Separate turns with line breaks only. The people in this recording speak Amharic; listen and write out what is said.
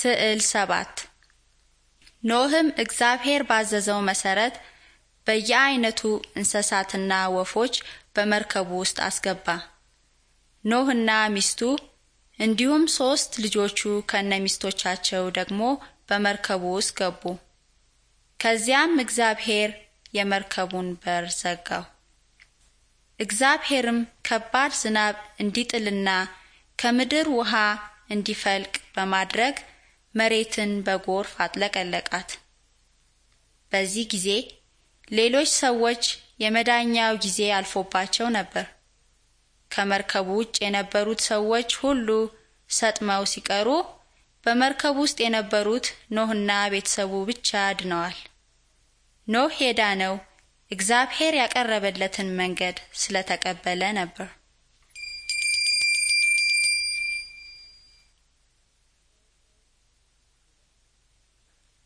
ስዕል ሰባት ኖህም እግዚአብሔር ባዘዘው መሰረት በየአይነቱ እንስሳትና ወፎች በመርከቡ ውስጥ አስገባ። ኖህና ሚስቱ እንዲሁም ሶስት ልጆቹ ከነ ሚስቶቻቸው ደግሞ በመርከቡ ውስጥ ገቡ። ከዚያም እግዚአብሔር የመርከቡን በር ዘጋው። እግዚአብሔርም ከባድ ዝናብ እንዲጥልና ከምድር ውሃ እንዲፈልቅ በማድረግ መሬትን በጎርፍ አጥለቀለቃት። በዚህ ጊዜ ሌሎች ሰዎች የመዳኛው ጊዜ አልፎባቸው ነበር። ከመርከቡ ውጭ የነበሩት ሰዎች ሁሉ ሰጥመው ሲቀሩ በመርከብ ውስጥ የነበሩት ኖህና ቤተሰቡ ብቻ ድነዋል። ኖህ የዳነው እግዚአብሔር ያቀረበለትን መንገድ ስለተቀበለ ነበር።